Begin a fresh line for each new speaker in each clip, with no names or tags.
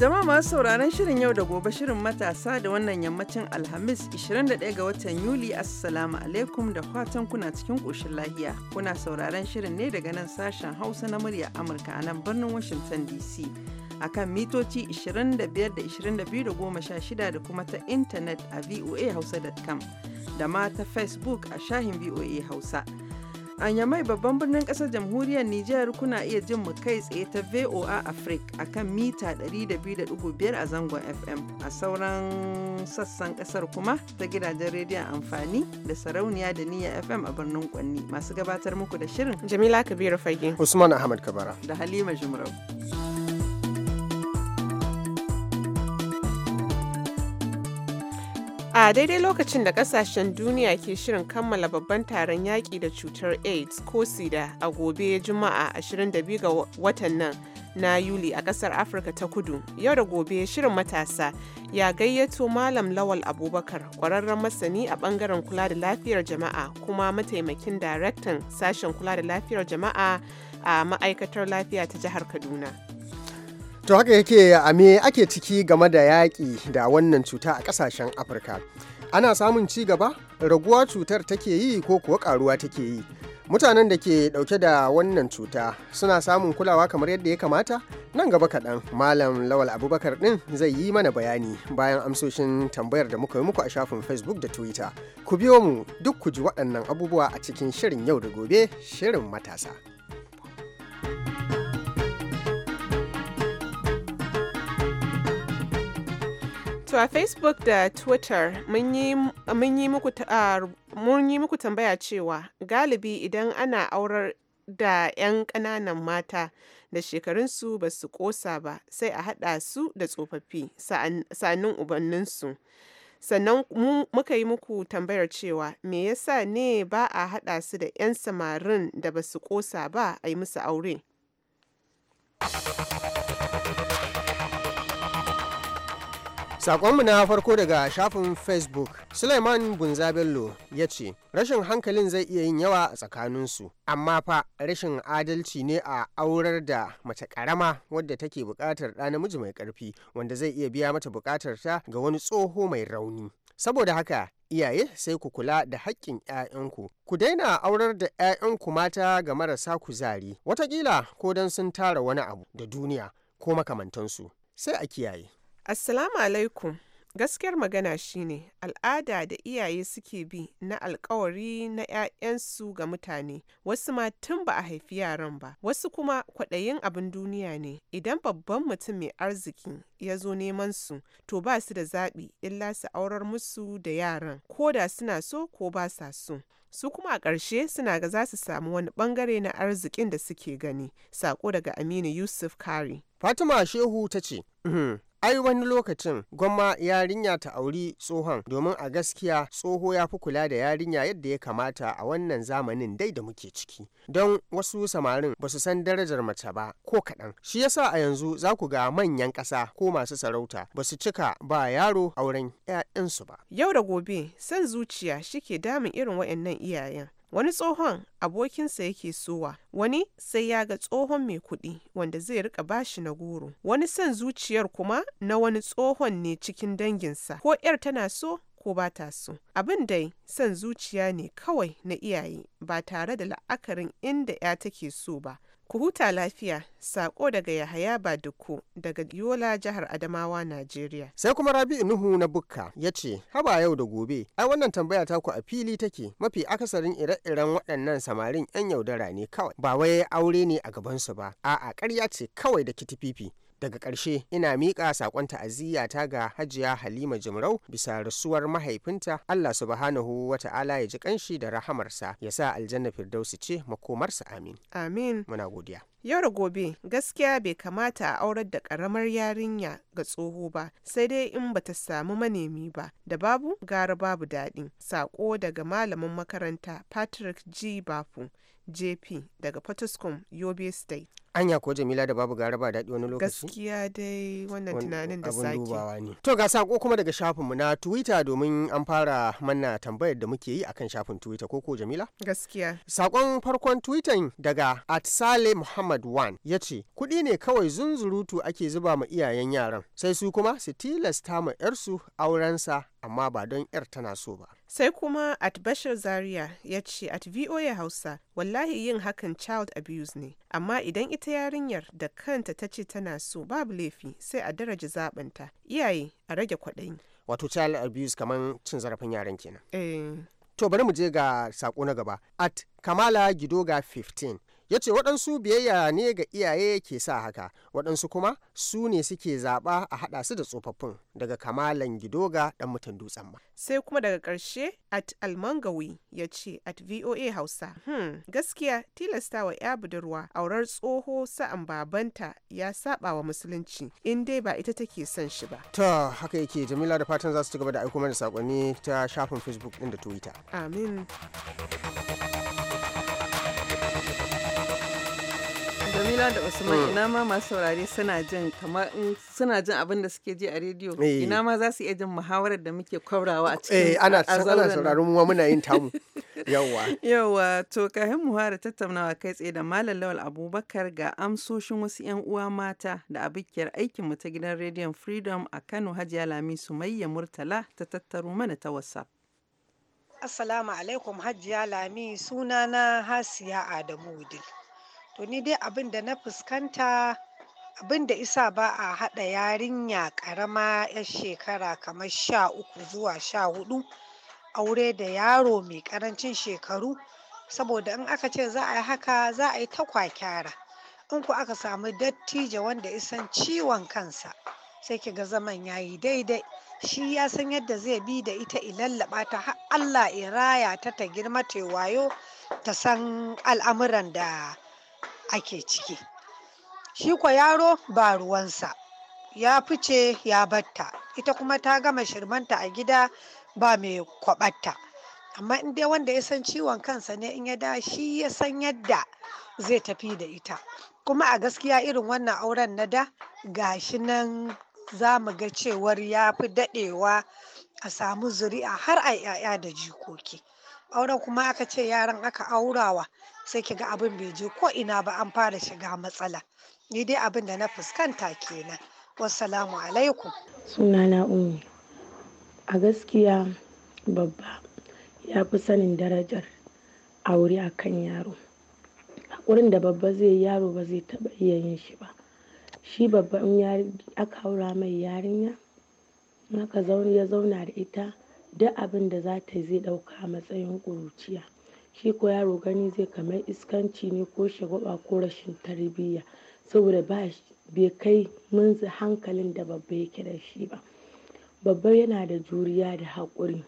Jama'a masu sauraron shirin yau da gobe shirin matasa da wannan yammacin Alhamis 21 ga watan Yuli Assalamu alaikum da fatan kuna cikin ƙoshin lahiya. Kuna sauraron shirin ne daga nan sashen Hausa na murya Amurka a nan birnin Washington DC. a kan mitoci 25 da da shida da kuma ta intanet a voa voahausa.com da ma ta Facebook a shahin VOA Hausa. A Yamai babban birnin ƙasar jamhuriyar Nijar kuna iya jin mu kai tsaye ta VOA Africa a kan mita 200.5 a zangon FM. A sauran sassan ƙasar kuma ta gidajen rediyon amfani da sarauniya da niyya FM a birnin Kwanni. Masu gabatar muku da shirin. Jamila Kabiru Fage. Usman Ahmad Kabara. Da Halima Jumrau.
A daidai lokacin da kasashen duniya ke shirin kammala babban taron yaƙi da cutar AIDS ko SIDA a gobe Juma'a 22 ga watan nan na Yuli a ƙasar Afirka ta Kudu, yau da gobe shirin matasa ya gayyato Malam Lawal Abubakar, ƙwararren masani a ɓangaren kula da lafiyar jama'a kuma mataimakin daraktan sashen kula da lafiyar jama'a a ma'aikatar lafiya ta jihar Kaduna.
To haka yake a me ake ciki game da yaƙi da wannan cuta a ƙasashen Afirka. Ana samun ci gaba? Raguwa cutar take yi ko kuwa ƙaruwa take yi? Mutanen da ke ɗauke da wannan cuta suna samun kulawa kamar yadda ya kamata? Nan gaba kaɗan Malam Lawal Abubakar ɗin zai yi mana bayani bayan amsoshin tambayar da muka yi muku a shafin Facebook da Twitter. Ku biyo mu duk ku ji waɗannan abubuwa a cikin shirin yau da gobe shirin matasa.
a Facebook da Twitter mun yi muku tambaya cewa galibi idan ana aurar da 'yan kananan mata da shekarunsu ba su kosa ba sai a haɗa su da tsofaffi sanin ubanninsu. Sannan muka yi muku tambayar cewa me yasa ne ba a haɗa su da 'yan samarin da ba su kosa ba a yi musu aure.
Sakonmu na farko daga shafin Facebook, Suleiman Bunzabello ya ce, Rashin hankalin zai iya yin yawa a tsakaninsu, amma fa rashin adalci ne a aurar da mace karama wadda take bukatar ɗa namiji mai ƙarfi wanda zai iya biya mata bukatar ta ga wani tsoho mai rauni. Saboda haka, iyaye sai ku kula da haƙƙin 'ya'yanku ku daina aurar da 'ya'yanku mata ga marasa kuzari watakila ko don sun tara wani abu da duniya ko makamantansu sai a kiyaye Assalamu alaikum. Gaskiyar magana shine,
al'ada da iyaye suke bi na alkawari na 'ya'yansu ga mutane, wasu ma tun ba a haifi yaran ba, wasu kuma kwaɗayin abin duniya ne, idan babban mutum mai arziki ya zo neman su, to ba su da zaɓi illa su aurar musu da yaran, ko da suna so ko ba sa so. Su kuma a ƙarshe suna ga za su samu wani
ɓangare na arzikin da suke gani, sako daga Aminu Yusuf Kari. Fatima Shehu ta ce, uhm, ai wani lokacin gwamma yarinya ta auri tsohon domin a gaskiya tsoho ya fi kula da yarinya yadda ya kamata a wannan zamanin dai da muke ciki don wasu samarin ba su san darajar mace ba ko kaɗan shi yasa a yanzu za ku ga manyan ƙasa ko masu sarauta ba su cika ba yaro auren 'ya'yansu ba yau da
gobe son zuciya shike damun irin waɗannan iyayen wani tsohon abokinsa yake sowa wani sai ya ga tsohon mai kuɗi wanda zai rika bashi na goro wani son zuciyar kuma na wani tsohon ne cikin danginsa ko 'yar tana so ko ba ta so abin dai son zuciya ne kawai na iyaye ba tare da la'akarin inda 'ya take so ba Ku huta lafiya, sako daga Yahaya ba Baduku daga Yola jihar Adamawa, Najeriya.
Sai kuma Rabi'u Nuhu na Bukka ya ce, Haba yau da gobe, ai wannan tambaya ta ku a fili take mafi akasarin ire-iren waɗannan samarin 'yan yaudara ne kawai. Ba wai aure ne a gabansu ba, a'a karya ce kawai da kitififi. daga ƙarshe ina miƙa saƙon ta'aziyya ta ga hajiya halima jimrau bisa rasuwar mahaifinta allah subhanahu wa ta'ala ya ji kanshi da rahamarsa ya sa aljanna firdausi ce makomarsa amin amin muna godiya
yau da gobe gaskiya bai kamata a aurar da karamar yarinya ga tsoho ba sai dai in bata samu manemi ba da babu gara babu daɗi sako daga malamin makaranta patrick g bafu jp daga potoscom yobe state
anya ko jamila da babu gara ba daɗi wani lokaci
gaskiya dai wannan tunanin da sake dubawa ne
to ga sako kuma daga shafinmu na twitter domin an fara manna tambayar da muke yi akan shafin twitter ko ko jamila gaskiya sakon farkon twitter daga atsale muhammad wan ya ce kuɗi ne kawai zunzurutu ake zuba ma iyayen yaran sai su kuma su tilasta ma 'yarsu aurensa amma ba don 'yar tana so ba
sai kuma at bashir zaria ya ce at voa hausa wallahi yin hakan child abuse ne amma idan ita yarinyar da kanta ta ce tana so babu laifi
sai a daraja zaɓinta iyaye a rage kwaɗayi wato child abuse kamar cin zarafin yaran kenan eh. to bari mu je ga sako na gaba at kamala gidoga 15 ya ce waɗansu biyayya ne ga iyaye ke sa haka waɗansu kuma su ne suke zaɓa a haɗa su da tsofaffin daga kamalan gidoga ɗan mutan dutsen ma. sai kuma
daga ƙarshe at almangawi ya ce at voa hausa hmm, gaskiya wa ya budurwa aurar tsoho sa'an babanta ya saba wa musulunci in dai ba ita take son shi ba.
ta haka yake jamila da fatan za su ci gaba da aiko mana saƙonni ta shafin facebook ɗin da twitter.
amin. Jamila da Usman mm. ina ma masu saurare suna jin kamar suna jin abin da suke ji a rediyo eh. ina ma za su iya jin muhawarar da muke kwabrawa a cikin eh ana ana sauraron mu muna yin tamu
yawa
yawa to kahin muhara tattaunawa kai tsaye da malam Lawal Abubakar ga amsoshin wasu yan uwa mata da abikiyar aikin mu ta gidan rediyon Freedom a Kano Hajiya Lami Sumayya Murtala ta tattaro mana ta WhatsApp
Assalamu alaikum Hajiya Lami sunana Hasiya Adamu Udil to ni dai abin da na fuskanta abin da isa ba a haɗa yarinya ƙarama 'yar shekara kamar sha uku zuwa sha hudu aure da yaro mai ƙarancin shekaru saboda in aka ce za a yi haka za a yi takwakyara, in ku aka samu dattijo wanda isan ciwon kansa sai ki ga zaman ya yi daidai shi ya san yadda zai bi da ita ilallaba ta har allah iraya raya ta ta girma ta wayo ta san al'amuran da ake ciki shi kwa yaro ba ruwansa ya fice ya batta ita kuma ta gama shirmanta a gida ba mai kwabatta amma in dai wanda ya san ciwon kansa ne in ya da shi ya san yadda zai tafi da ita kuma a gaskiya irin wannan auren na da gashi nan za mu ga cewar ya fi daɗewa a samu zuri'a har a 'ya'ya da jikoki auren kuma aka ce yaran aka aurawa sai ki ga abin bai je ko ina ba an fara shiga matsala ni dai abin da na fuskanta kenan wassalamu alaikum
sunana umu a gaskiya babba ya fi sanin darajar aure a kan yaro haƙurin da babba zai yaro ba zai taɓa iya yin shi ba shi babba in aka haura mai yarinya maka zaune ya zauna da ita duk abin da za ta zai ɗauka matsayin ƙuruciya Shi ko yaro gani zai kamar iskanci ne ko shagwaba ko rashin tarbiyya saboda ba bai kai munzin hankalin da babba yake da shi ba. Babba yana da juriya da haƙuri.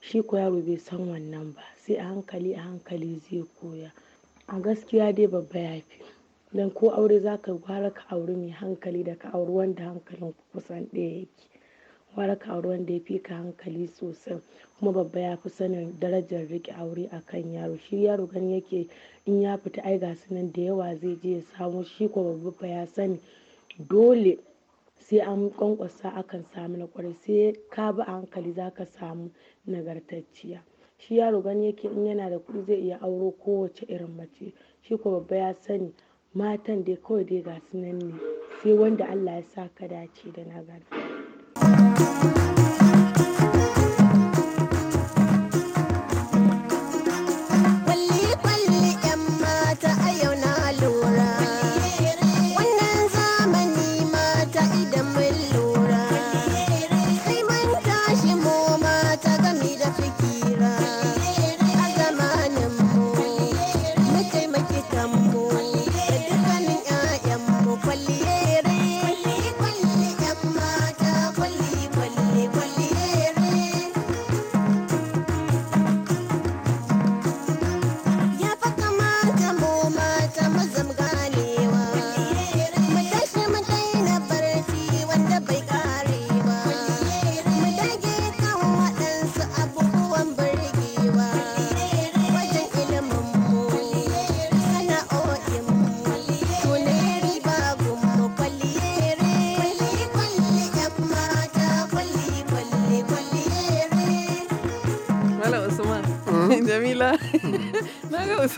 Shi ko yaro bai san wannan ba sai a hankali a hankali zai koya. A gaskiya dai babba ya fi. Dan ko aure za ka gwara ka auri mai hankali da ka auri wanda hankalin kusan ɗaya yake. waraka ruwan da ya fi ka hankali sosai kuma babba ya fi sanin darajar riƙe aure a kan yaro shi yaro gani yake in ya fita ai ga nan da yawa zai je ya samu shi ko babba ya sani dole sai an kwankwasa akan samu na kwarai sai ka bi a hankali za ka samu nagartacciya shi yaro gani yake in yana da kuɗi zai iya auro kowace irin mace shi ko babba ya sani matan dai kawai dai ga su nan ne sai wanda allah ya sa ka dace da nagarta Thank you.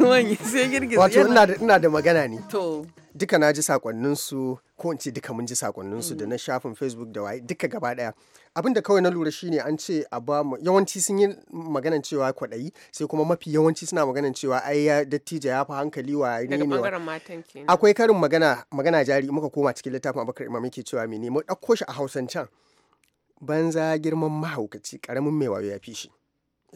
manya sai girgiza wato
ina da magana ne to duka na ji sakonninsu ko in ce duka mun ji sakonninsu da na shafin facebook da waye duka gaba daya abin da kawai na lura shine an ce a ba mu yawanci sun yi maganan cewa kwaɗayi sai kuma mafi yawanci suna maganan cewa ai ya dattija ya fa hankali wa ne ne akwai karin magana magana jari muka koma cikin littafin Abubakar imam yake cewa mene mu ɗauko shi a hausancan banza girman mahaukaci karamin mai wayo ya fi shi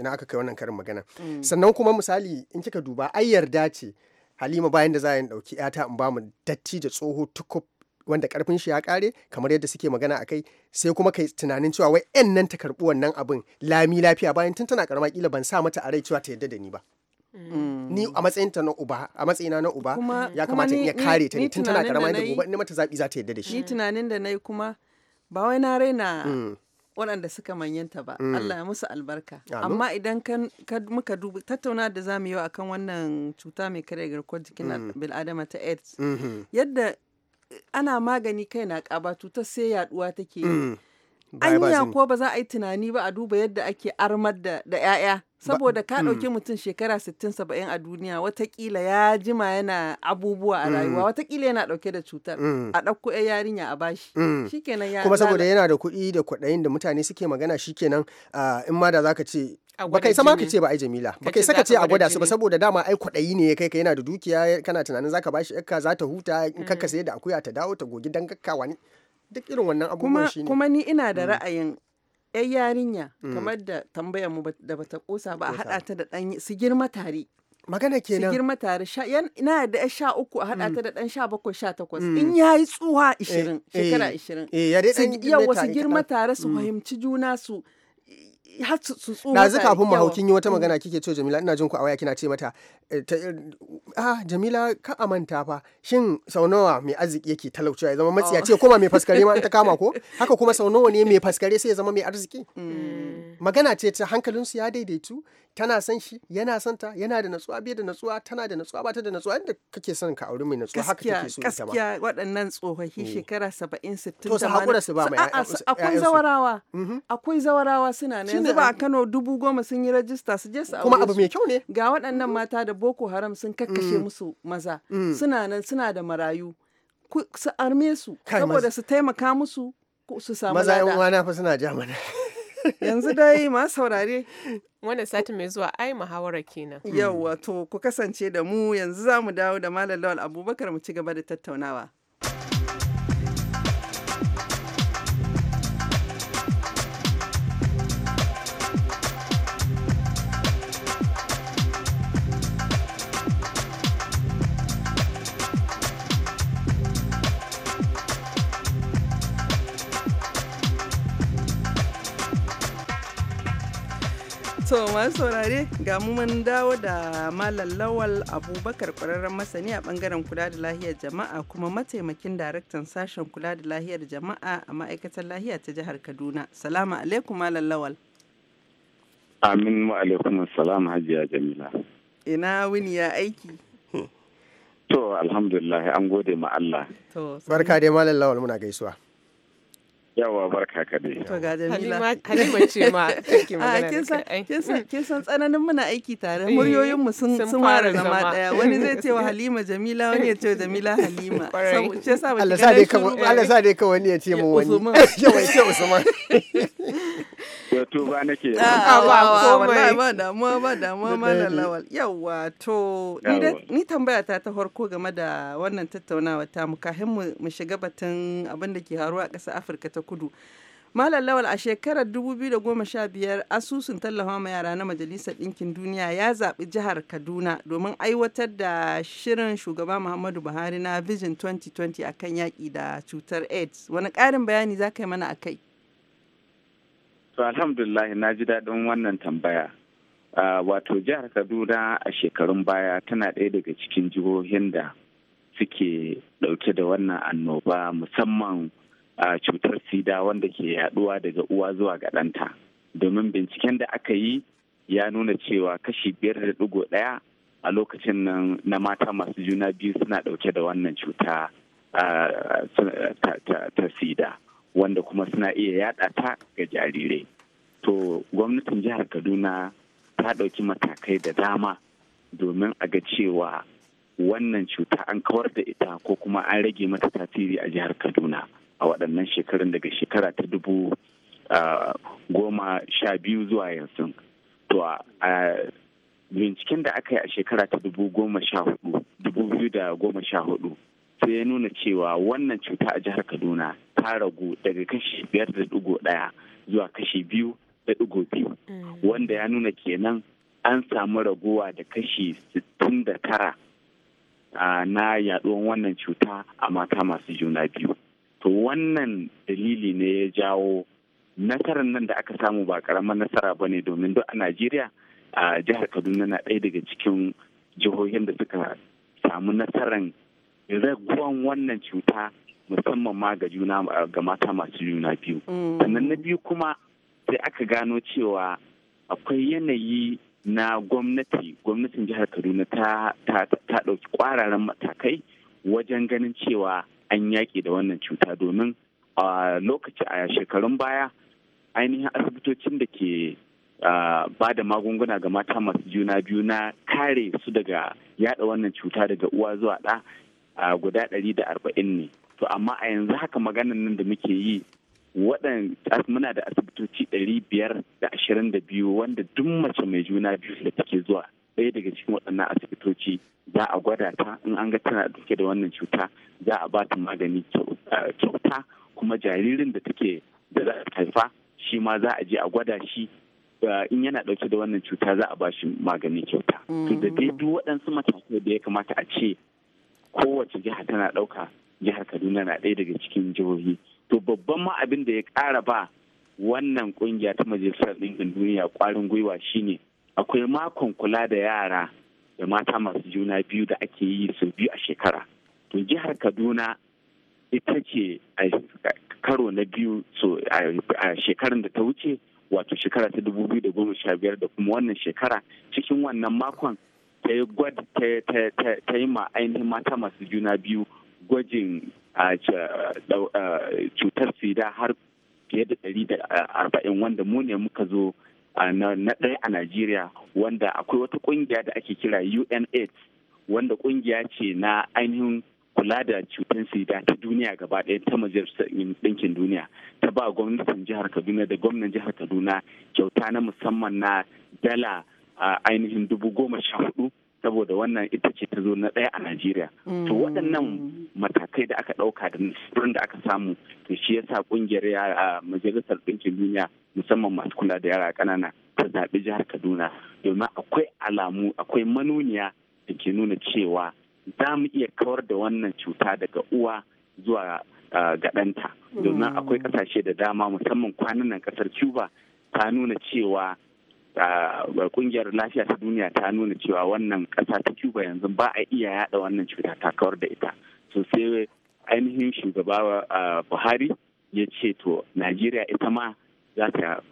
ina aka kai wannan karin magana mm. sannan kuma misali in kika duba ai yarda ce halima bayan da za a ɗauki yata in ba mu datti da tsoho tukub wanda karfin shi ya kare kamar yadda suke magana a kai sai kuma kai tunanin cewa wai yan nan ta karbi wannan abin lami lafiya bayan tun tana karama kila ban sa mata a rai cewa ta yadda da ni ba mm. ni a matsayin ta na uba a matsayina na uba ya kamata in ya kare ta ne tun tana karama da gobe ni mata zabi za ta yadda da shi ni
tunanin da nayi kuma ba wai na raina mm. waɗanda suka manyanta ba mm. Allah ya musu albarka amma idan muka dubu tattauna da za mu yi wa akan wannan cuta mai karya garkuwar jikin mm. bil'adama ta AIDS mm-hmm. yadda eh, ana magani kai na ƙaba cutar sai yaɗuwa take yi mm.
an yi kuwa ba
za a yi tunani ba a duba yadda ake armar da 'ya'ya saboda ka mm. ɗauki mutum shekara 60-70 a duniya watakila ya jima yana abubuwa a mm. rayuwa watakila yana ɗauke da cutar mm. a ɗauko ya yarinya a bashi shikenan ya kuma saboda yana
da kuɗi da kwaɗayin da mutane suke magana shikenan in ma da zaka ce baka isa ma ka ce ba ai jamila baka isa ka ce a gwada su ba saboda dama ai kwaɗayi ne ya kai ka yana da dukiya kana tunanin zaka bashi ka za ta huta in kakka sai da akuya ta dawo ta gogi dan kakkawa ne duk irin wannan abubuwan ne. kuma ni
ina da mm. ra'ayin yan yarinya mm. kamar da tambayar mu da bata kosa ba a hada ta da dan su girma tare magana kenan su girma tare ina da yan sha uku a hada mm. ta da dan sha bakwai sha takwas in ya yi
tsuwa ishirin eh, eh, shekara ishirin eh, su girma
tare su fahimci juna su har su tsoro na kafin mu haukin
yi wata magana mm. kike ce Jamila ina jin ku a waya kina ce mata eh, eh, ah Jamila ka amanta fa shin sau nawa mai arziki yake talaucewa ya zama oh. matsiya ce kuma mai faskare ma ta kama ko haka kuma sau nawa ne mai faskare sai ya zama mai arziki mm. magana ce ta hankalin su ya daidaitu tana son shi yana son ta yana da natsuwa bai da natsuwa tana da natsuwa bata da natsuwa inda kake son ka auri mai natsuwa haka take so ita ma gaskiya
waɗannan tsohahi mm. shekara 70 60 to su hakura su ba mai akwai zawarawa mm-hmm. akwai zawarawa suna ne yanzu ba a Kano dubu goma sun yi rajista su je su aure kuma abu mai kyau ne ga waɗannan mata da Boko Haram sun kakkashe mm. musu maza mm. suna nan suna da marayu su arme su saboda su taimaka musu su samu lada maza yan uwana
fa suna ja mana
Yanzu dai ma saurare. Wannan sati mai zuwa ai muhawara kenan. Yawwa to ku kasance da mu yanzu za mu dawo da Malam Lawal Abubakar mu ci gaba da tattaunawa. masu saurare ga mu mun dawo da Malam Lawal Abubakar kwararren masani a bangaren kula da lahiyar jama'a kuma mataimakin daraktan sashen kula da lahiyar jama'a a ma'aikatar lahiya ta jihar Kaduna. Salamu alaikum Malam Lawal.
Amin wa alaikum salam Hajiya Jamila.
Ina wuni ya aiki.
To alhamdulillah an gode ma Allah.
Barka dai Malam Lawal muna gaisuwa.
yawa barka ka ne to ga jamila halima ce ma take magana kin
san kin san tsananin muna aiki tare eh, muryoyin mu sun sun zama daya wani zai ce wa halima jamila wani ya ce wa jamila halima saboda shi yasa Allah sa dai ka Allah sa
dai ka wani ya ce mu wani
ya wai ce usman wato eh, ba nake ah, ah, ah, ba komai ba
damuwa ba damuwa malam lawal yawa to ni tambaya ta ta farko game da wannan tattaunawa ta mu kafin mu shiga batun abin da ke haruwa a ƙasar Afirka ta Kudu Malam Lawal a shekarar 2015 asusun tallafa ma yara na Majalisar Ɗinkin Duniya ya zaɓi jihar Kaduna domin aiwatar da shirin shugaba Muhammadu Buhari na Vision 2020 akan yaƙi da cutar AIDS. Wani ƙarin bayani za ka yi mana a kai?
To alhamdulillah na ji daɗin wannan tambaya. Wato jihar Kaduna a shekarun baya tana ɗaya daga cikin jihohin da suke ɗauke da wannan annoba musamman cutar sida wanda ke yaɗuwa daga uwa zuwa gaɗanta Domin binciken da aka yi ya nuna cewa kashi biyar da ɗigo ɗaya a lokacin nan na mata masu juna biyu suna ɗauke da wannan cuta ta sida. wanda kuma suna iya yada ta ga jarirai to gwamnatin jihar kaduna ta ɗauki matakai da dama domin a ga cewa wannan cuta an kawar da ita ko kuma an rage mata tasiri a jihar kaduna a waɗannan shekarun daga shekara ta dubu goma sha biyu zuwa yanzu to a binciken da aka yi a shekara ta dubu goma sha hudu dubu biyu da goma sha hudu sai ya nuna cewa wannan cuta a jihar kaduna ta ragu daga kashi biyar da ɗigo ɗaya zuwa kashi biyu da ɗigo biyu mm. wanda ya nuna kenan an samu raguwa da kashi sittin da tara na yaɗuwan wannan cuta a mata masu juna biyu to wannan dalili ne ya jawo nasarar nan da aka samu ba karamar nasara ba ne domin duk a najeriya a jihar kaduna na ɗaya daga cikin jihohin da suka samu nasarar raguwan wannan cuta musamman ma ga juna ga mata masu juna biyu mm. sannan na biyu kuma sai aka gano cewa akwai yanayi na gwamnati gwamnatin jihar kaduna ta ɗauki ƙwararren matakai wajen ganin cewa an yaƙi da wannan cuta domin a lokaci a shekarun baya ainihin asibitocin da ke ba da magunguna ga mata masu juna biyu na kare su daga yada wannan cuta daga uwa zuwa ɗa guda ɗari da arba'in ne to amma a yanzu haka maganan nan da muke yi waɗan muna da asibitoci ɗari biyar da ashirin da biyu wanda duk mace mai juna biyu da take zuwa ɗaya daga cikin waɗannan asibitoci za a gwada ta in an ga tana dauke da wannan cuta za a ba ta magani kyauta kuma jaririn da take da za ta haifa shi ma za a je a gwada shi in yana dauke da wannan cuta za a ba shi magani kyauta. To da dai mm. duk waɗansu matakai da ya kamata a ce kowace jiha tana ɗauka jihar kaduna na ɗaya daga cikin jihohi to babban ma abin da ya ƙara ba wannan ƙungiya ta majalisar ɗinkin duniya kwarin gwiwa shine akwai makon kula da yara da mata masu juna biyu da ake yi sau biyu a shekara to jihar kaduna ita ce a karo na biyu so a shekarar da ta wuce wato shekara ta dubu biyu da goma sha biyar da kuma wannan shekara cikin wannan makon ta yi gwad ta yi ma ainihin mata masu juna biyu gwajin cutar sida har fiye da ɗari da arba'in wanda mu ne muka zo na ɗaya a Najeriya wanda akwai wata ƙungiya da ake kira UNAIDS wanda ƙungiya ce na ainihin kula da cutar sida ta duniya gaba ɗaya ta majalisar ɗinkin duniya ta ba gwamnatin jihar kaduna da gwamnan jihar kaduna kyauta na musamman na dala ainihin dubu goma sha hudu saboda wannan ita ce ta zo na ɗaya a Najeriya. To mm. waɗannan matakai da aka ɗauka da nasirin da aka samu to shi yasa ƙungiyar yara majalisar ɗinkin duniya musamman masu kula da yara ƙanana ta zaɓi jihar Kaduna domin akwai alamu akwai manuniya da ke nuna cewa za mu iya kawar da wannan cuta daga uwa zuwa ga ɗanta. Domin mm. akwai ƙasashe da dama musamman kwanan nan ƙasar Cuba ta nuna cewa kungiyar lafiya ta duniya ta nuna cewa wannan ƙasa ta cuba yanzu ba a iya yada wannan cuta ta kawar da ita so sai ainihin shugaba buhari ya ce to najeriya ita ma za ta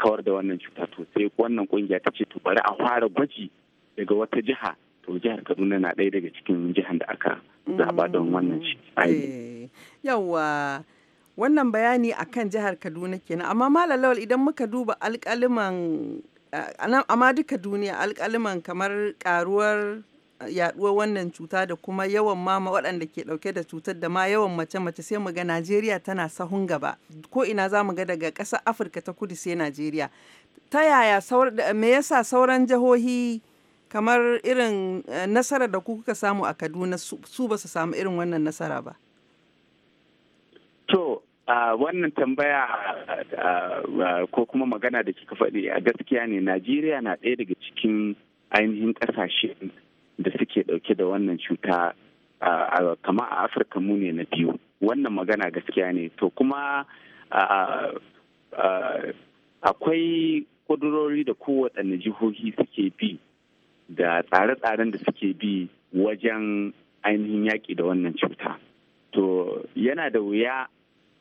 kawar da wannan cuta to sai wannan kungiya ta ce to bari a fara gwaji daga wata jiha to jihar kaduna na ɗaya daga cikin jihar da aka zaba don wannan mm, eh.
yawa wannan bayani akan jihar kaduna kenan amma malalawal idan muka duba alkaliman amma duka duniya alkaliman kamar karuwar eh, yaduwar wannan cuta da kuma yawan mama waɗanda ke ɗauke da cutar da ma yawan mace-mace sai mu ga Najeriya tana sahun gaba ko ina za mu ga daga ƙasar Afirka ta kudu sai Najeriya ta yaya me yasa sauran jihohi kamar irin eh, nasara da ku kuka samu a Kaduna su basu samu irin wannan nasara ba
wannan tambaya ko kuma magana da kika faɗi a gaskiya ne najeriya na ɗaya daga cikin ainihin ƙasashe da suke ɗauke da wannan cuta kama a afirka mu ne na biyu wannan magana gaskiya ne to kuma akwai ƙudurori da kowaɗanne jihohi suke bi da tsare-tsaren da suke bi wajen ainihin yaƙi da wannan cuta to yana da wuya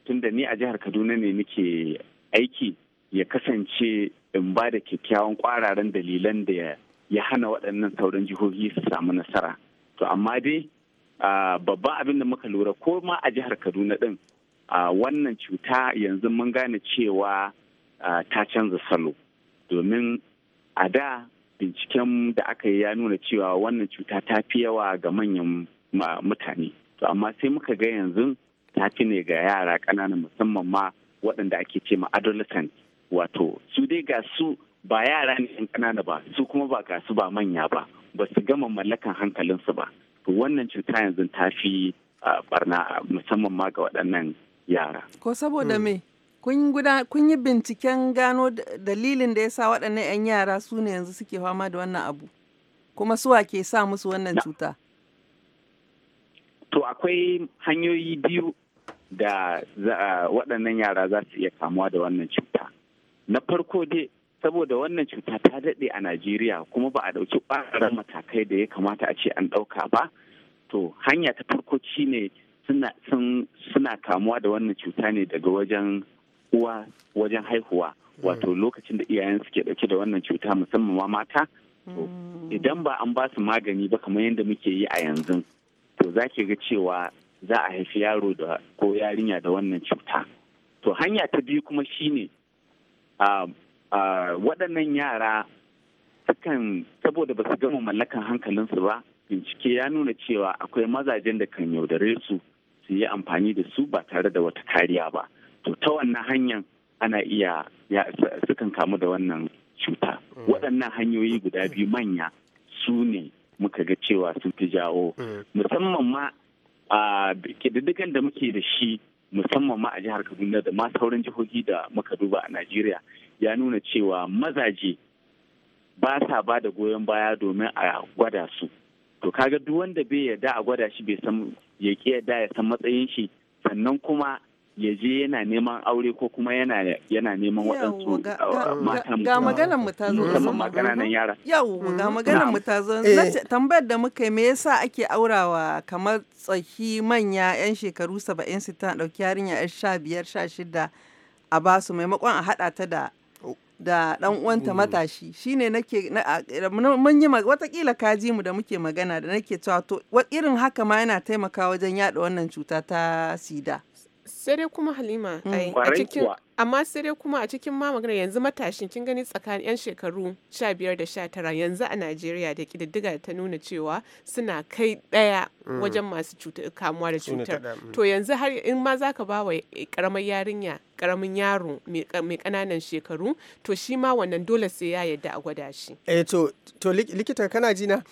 tunda ni a jihar kaduna ne nake aiki ya kasance in ba da kyakkyawan kwararen dalilan da ya hana waɗannan sauran jihohi su samu nasara to amma dai babban abin da muka lura ko ma a jihar kaduna ɗin wannan cuta yanzu mun gane cewa ta canza salo domin a da binciken da aka yi ya nuna cewa wannan cuta ta fi yawa ga manyan mutane to amma sai muka ga yanzu tafi ne ga yara kanana musamman ma waɗanda ake ce ma adolescent wato su dai ga su ba yara ne yan ƙanana ba su kuma ba ga su ba manya ba ba su gama mallakan hankalinsu ba to wannan cuta yanzu ta fi barna ah, musamman ma ga waɗannan yara
ko saboda hmm. me kun yi binciken gano dalilin da ya sa waɗannan 'yan yara su ne yanzu suke fama da wannan abu kuma su ke sa musu wannan cuta
to akwai hanyoyi biyu da waɗannan yara za su iya kamuwa da wannan cuta na farko dai saboda wannan cuta ta daɗe a najeriya kuma ba a ɗauki ƙwararren matakai da ya kamata a ce an ɗauka ba to hanya ta farko ne suna kamuwa da wannan cuta ne daga wajen uwa wajen haihuwa hmm. wato lokacin da iyayen suke ɗauke da wannan cuta musamman ma mata hmm. idan ba an ba su magani ba kamar yadda muke yi a yanzu to za ga cewa za a haifi yaro da ko yarinya da wannan cuta to hanya ta biyu kuma shine waɗannan yara sukan saboda ba su gama mallakan hankalinsu ba bincike ya nuna cewa akwai mazajen da kan yaudare su su yi amfani da su ba tare da wata kariya ba to ta wannan hanyar ana iya sukan kamu da wannan cuta mm. waɗannan hanyoyi guda biyu manya su ne muka ga cewa sun fi jawo mm. musamman ma a ƙididdigan da muke da shi musamman ma a jihar kaduna da ma sauran jihohi da muka duba a najeriya ya nuna cewa mazaje ba sa ba da goyon baya domin a gwada su to kaga duk wanda bai yarda a gwada shi bai san ya yarda ya san matsayin shi sannan kuma ya je yana neman aure ko kuma yana yana neman waɗansu matan ga uh, maganar
mu ta zo musamman ma ƙananan yara yawo ga mm-hmm. maganar mu ta zo eh. tambayar da muka yi me yasa ake aurawa kamar tsaki manya yan shekaru 70 su ta dauki yarinya yar 15 16 a basu maimakon a hada ta da oh. da dan uwanta mm. matashi shine nake mun yi watakila kaji mu da muke magana da nake cewa to irin haka ma yana taimakawa wajen yada wannan cuta ta sida
sai kuma halima mm, a cikin amma sai kuma a cikin ma magana yanzu matashin kin gani tsakanin yan shekaru 15 da 19 yanzu a Najeriya da kididdiga ta nuna cewa suna kai daya mm. wajen masu cutar kamuwa da cutar mm. to yanzu har in ma zaka ba wa karamar eh, yarinya karamin yaro mai kananan shekaru to shi ma wannan dole sai ya yadda a gwada shi
eh to to likita kana jina.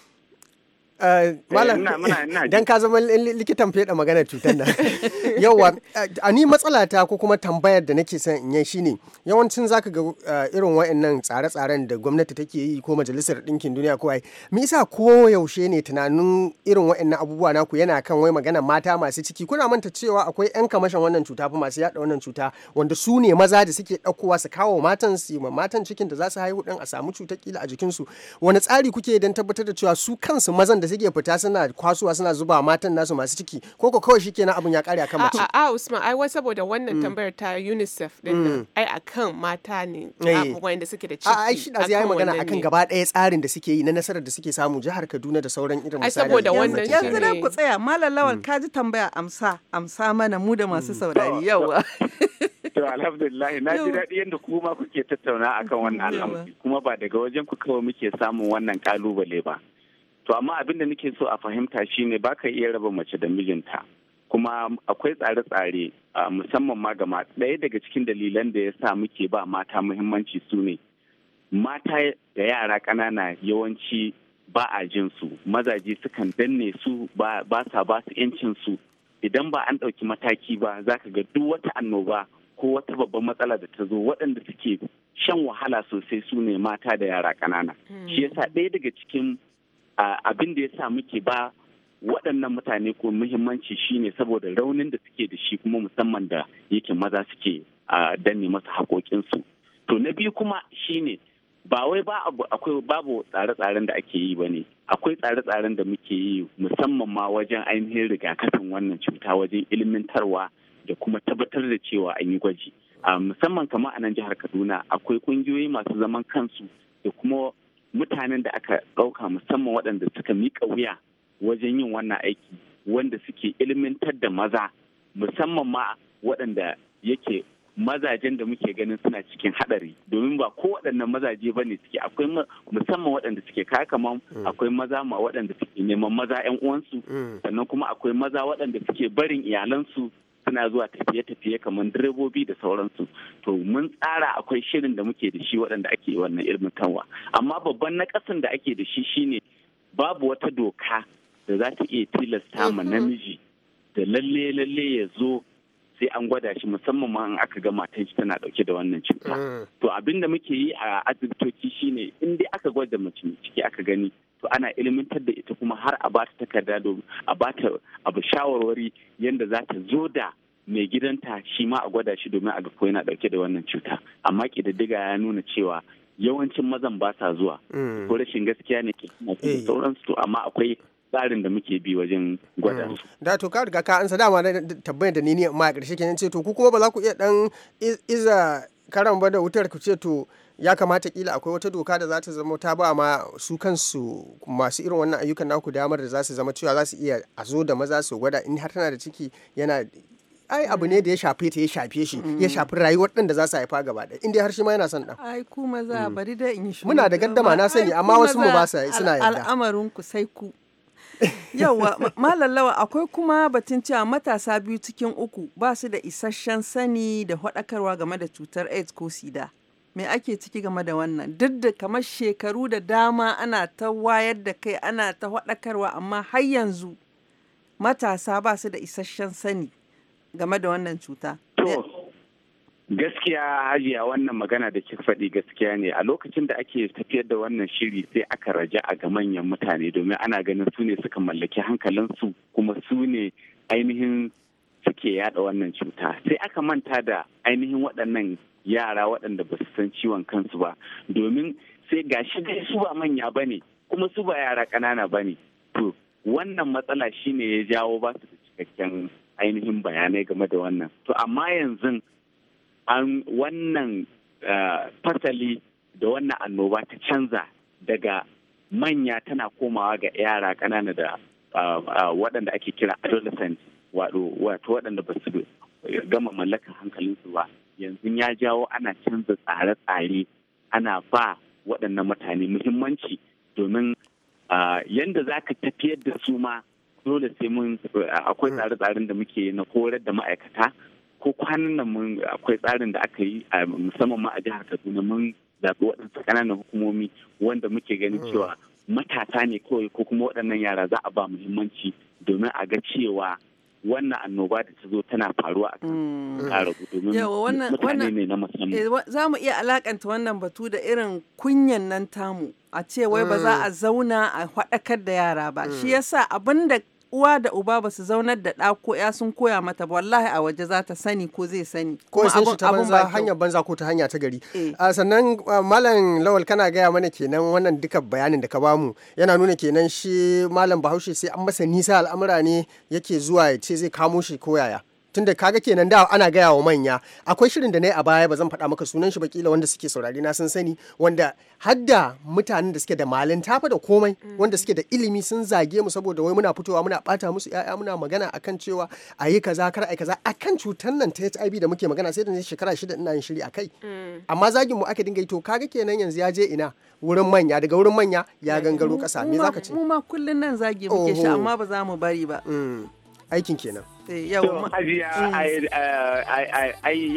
Eh, eh, dan ka zama likitan feda magana cutar nan yawa eh, a ni matsala ta ko kuma tambayar da nake son in yi ne yawancin za ka ga irin waɗannan tsare-tsaren da gwamnati take yi ko majalisar ɗinkin duniya ko ai me yasa ko yaushe ne tunanin irin waɗannan abubuwa naku yana kan wai magana mata masu ciki kuna manta cewa akwai yan kamashin wannan cuta fa masu yada wannan cuta wanda su ne maza da suke ɗaukowa su kawo matan su ma matan cikin da za su haihu ɗin a samu cutar kila a jikinsu wani tsari kuke don tabbatar da cewa su kansu mazan da da suke fita suna kwasuwa suna zuba matan nasu masu ciki ko ko kawai shikenan abun ya kare akan mace
a Usman ai wai saboda wannan mm. tambayar ta UNICEF din mm. ai akan mata ne eh. wanda suke da ciki a ai shi da zai magana akan gaba
ɗaya tsarin da suke yi na nasarar da suke samu jihar Kaduna da sauran irin misali saboda wannan yanzu dai ku
tsaya mallan lawal mm. ka ji tambaya amsa amsa mana mu da masu saurari yawa
To alhamdulillah na ji daɗi
yadda kuma kuke tattauna akan wannan al'amari kuma ba daga wajen ku kawai muke samun wannan kalubale ba. to amma abin da nake so a fahimta shine baka iya raba mace da mijinta kuma akwai tsare-tsare musamman ma ga ɗaya daga cikin dalilan da ya sa muke ba mata muhimmanci su ne mata da yara ƙanana yawanci ba a jin su mazaje sukan danne su ba sa ba su yancin su idan ba an ɗauki mataki ba za ka ga duk wata annoba ko wata babban matsala da ta zo waɗanda suke shan wahala sosai su ne mata da yara ƙanana hmm. shi yasa ɗaya daga cikin abin da ya sa muke ba waɗannan mutane ko muhimmanci shine saboda raunin da suke da shi kuma musamman da yake maza suke a danne masa haƙoƙinsu to na biyu kuma shine ba wai ba akwai babu tsare-tsaren da ake yi ba ne akwai tsare-tsaren da muke yi musamman ma wajen ainihin rigakafin wannan cuta wajen ilmintarwa da kuma tabbatar da cewa an yi gwaji musamman kamar a nan jihar kaduna akwai ƙungiyoyi masu zaman kansu da kuma mutanen da aka ɗauka musamman waɗanda suka miƙa wuya wajen yin wannan aiki wanda suke ilmintar da maza musamman ma waɗanda yake mazajen da muke ganin suna cikin haɗari domin ba ko waɗannan mazaje ba ne suke akwai musamman waɗanda suke kakaman mm. akwai maza ma waɗanda suke neman maza 'yan uwansu mm. sannan kuma akwai maza waɗanda suke barin iyalansu suna zuwa tafiye-tafiye kamar direbobi da sauransu to mun tsara akwai shirin da muke da shi waɗanda ake wannan ilmantarwa amma babban nakasin da ake da shi shine babu wata doka da za ta iya tilasta ma mm-hmm. namiji da lalle lalle ya zo sai an gwada shi musamman ma in aka ga matan shi tana dauke da wannan cuta mm. to abin da muke yi a asibitoci shine in dai aka gwada mace ciki aka gani to ana ilmantar da ita kuma har a bata takarda domin a bata abu shawarwari yadda za ta zo da mai gidanta shi ma a gwada shi domin a ga ko yana dauke da wannan cuta amma ƙididdiga ya nuna cewa yawancin mazan ba sa zuwa mm. ko rashin gaskiya ne ke eh. sauransu to amma akwai tsarin da muke bi wajen gwada mm. su.
Da to ka riga ka ansa dama na tabbayar da ni ne amma a ƙarshe kenan ce to ku kuma ba za ku iya dan iza karan ba da wutar ku ce to ya kamata kila akwai wata doka da za ta zama ta ba ma su kansu masu irin wannan ayyukan naku damar da za su zama cewa za su iya a zo da maza su gwada in har tana da ciki yana ai abu ne da ya shafe ta ya shafe shi mm. ya shafi rayuwar ɗin da za su haifa gaba ɗaya inda har shi ma yana son ɗan
ai ku maza mm. bari da in shi muna da gaddama na sani amma wasu mu ba su suna yarda al'amarin ku sai ku yawa malallawa akwai kuma batun cewa matasa biyu cikin uku ba su da isasshen sani da faɗakarwa game da cutar aids ko sida me ake ciki game da wannan duk da kamar shekaru da dama ana ta wayar da kai ana ta haɗakarwa amma har yanzu matasa ba su da isasshen sani game da wannan cuta.
gaskiya hajiya wannan magana da kika faɗi gaskiya ne a lokacin da ake tafiyar da wannan shiri sai aka raja a ga manyan mutane domin ana ganin su ne suka mallaki hankalinsu kuma su ne ainihin suke yada wannan cuta sai aka manta da ainihin waɗannan yara waɗanda ba su san ciwon kansu ba domin sai gashi dai su ba manya ba ne kuma su ba yara ƙanana ba ne to wannan matsala shi ne ya jawo ba su da cikakken ainihin bayanai game da wannan to amma yanzu an wannan eh, fasali da wannan annoba ta canza daga manya tana komawa ga yara ƙanana da eh, eh, waɗanda ake kira adolescent wato waɗanda ba su gama mallakar hankalinsu ba yanzu ya jawo ana canza tsare-tsare ana ba waɗannan mutane muhimmanci domin yadda za ka tafiyar da su ma dole sai mun akwai hmm. tsare-tsaren da muke na horar da ma'aikata ko kwanan nan mun akwai tsarin da aka yi musamman ma a jihar kaduna mun zaɓi waɗansu ƙananan hukumomi wanda muke ganin hmm. cewa matasa ne kawai ko kuma waɗannan yara za a ba muhimmanci domin a ga cewa wannan annoba da ta zo tana faruwa a kan mm. domin mutane ne na musamman. Eh,
za mu iya alakanta wannan batu da irin kunyan nan tamu a ce wai ba za a mm. zauna a faɗakar da yara ba. Shi mm. yasa abin da uwa da uba ba su zaunar da ɗa ko ya sun koya mata ba wallahi a waje za ta sani ko zai sani ko sai shi ta banza hanyar
banza ko ta hanya ta gari eh. ah, sannan ah, malam lawal kana gaya mana kenan wannan duka bayanin da ka bamu yana nuna kenan shi malam bahaushe sai an masa nisa al'amura ne yake zuwa ya ce zai kamo shi ko yaya tunda kaga kenan da ana gaya wa manya akwai shirin da na yi a baya ba zan faɗa maka sunan shi ba kila wanda suke saurari na sun sani wanda hadda mutanen da suke da malin tafa da komai mm. wanda suke da ilimi sun zage mu saboda wai muna fitowa muna bata musu yaya muna magana akan cewa ayi yi kaza kar a yi kaza akan cutar nan ta HIV da muke magana sai da shekara shida ina yin shiri akai mm. amma zagin mu aka dinga yi to kaga kenan yanzu ya je ina wurin manya daga wurin manya ya mm. gangaro kasa me zaka ce mu
ma kullun nan zage muke sha amma
ba za mu bari ba aikin kenan
Mm.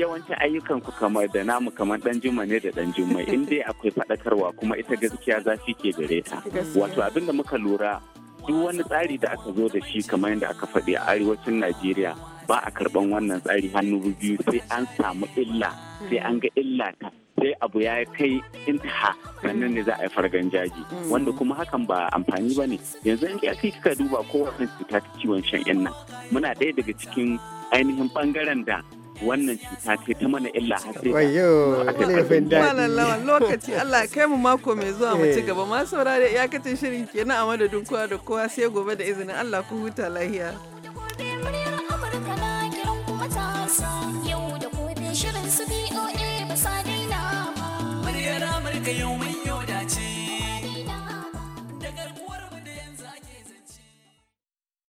yawancin ayyukan ku kamar da namu kamar dan juma ne da dan juma in dai akwai faɗakarwa kuma ita gaskiya za zafi ke gare ta wato abin da muka lura duk wani tsari da aka zo da shi kamar yadda aka faɗi a arewacin najeriya ba a karban wannan tsari hannu biyu sai an samu illa sai an ga illa ta sai abu ya kai intaha sannan ne za a yi fargan jaji wanda kuma hakan ba amfani ba ne yanzu in kai kika duba kowace cuta ta ciwon shan nan muna ɗaya daga cikin ainihin bangaren da wannan cuta ta ta mana
illa har sai wayo laifin daɗi
lokaci Allah kai mu mako mai zuwa mu ci eh. gaba ma saurare iyakacin shirin kenan a madadin kowa da kowa sai gobe da izinin Allah ku huta lahiya yau da gobe
shirin su BOA ba sa daina ba muryar
Amurka yau